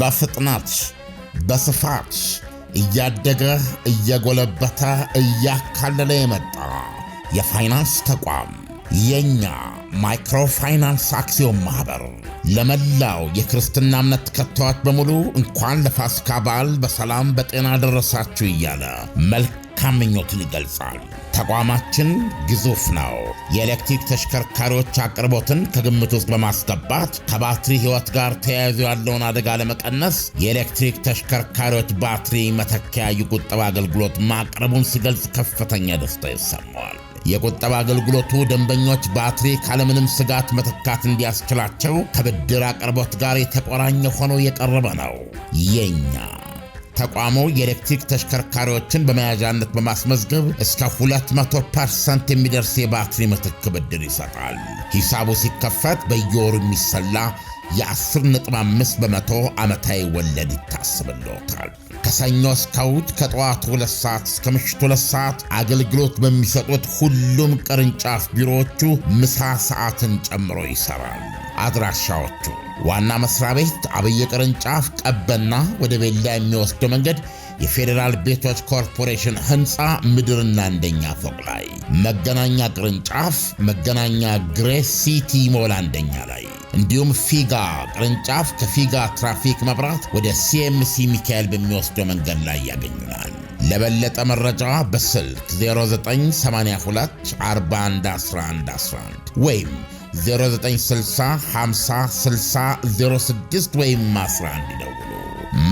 በፍጥነት በስፋት እያደገ እየጎለበተ እያካለለ የመጣ የፋይናንስ ተቋም የእኛ ማይክሮፋይናንስ አክሲዮን ማኅበር ለመላው የክርስትና እምነት ተከታዮች በሙሉ እንኳን ለፋሲካ በዓል በሰላም በጤና ደረሳችሁ እያለ መልክ መልካም ምኞትን ይገልጻል። ተቋማችን ግዙፍ ነው። የኤሌክትሪክ ተሽከርካሪዎች አቅርቦትን ከግምት ውስጥ በማስገባት ከባትሪ ሕይወት ጋር ተያይዞ ያለውን አደጋ ለመቀነስ የኤሌክትሪክ ተሽከርካሪዎች ባትሪ መተኪያ የቁጠባ አገልግሎት ማቅረቡን ሲገልጽ ከፍተኛ ደስታ ይሰማዋል። የቁጠባ አገልግሎቱ ደንበኞች ባትሪ ካለምንም ስጋት መተካት እንዲያስችላቸው ከብድር አቅርቦት ጋር የተቆራኘ ሆኖ የቀረበ ነው። የኛ ተቋሙ የኤሌክትሪክ ተሽከርካሪዎችን በመያዣነት በማስመዝገብ እስከ 200 ፐርሰንት የሚደርስ የባትሪ ምትክ ብድር ይሰጣል። ሂሳቡ ሲከፈት በየወሩ የሚሰላ የ10.5 በመቶ ዓመታዊ ወለድ ይታሰብልዎታል። ከሰኞ እስከ እሁድ ከጠዋቱ 2 ሰዓት እስከ ምሽቱ 2 ሰዓት አገልግሎት በሚሰጡት ሁሉም ቅርንጫፍ ቢሮዎቹ ምሳ ሰዓትን ጨምሮ ይሰራል። አድራሻዎቹ ዋና መስሪያ ቤት አብይ ቅርንጫፍ ቀበና ወደ ቤላ የሚወስደው መንገድ የፌዴራል ቤቶች ኮርፖሬሽን ህንፃ ምድርና አንደኛ ፎቅ ላይ፣ መገናኛ ቅርንጫፍ መገናኛ ግሬስ ሲቲ ሞል አንደኛ ላይ እንዲሁም ፊጋ ቅርንጫፍ ከፊጋ ትራፊክ መብራት ወደ ሲኤምሲ ሚካኤል በሚወስደው መንገድ ላይ ያገኙናል። ለበለጠ መረጃ በስልክ 0982411111 ወይም 0960506006 ወይም 11 ይደውሉ።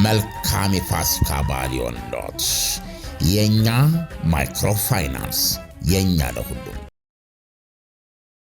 መልካም የፋሲካ በዓል ይሆንልዎት። የእኛ ማይክሮፋይናንስ የእኛ ለሁሉም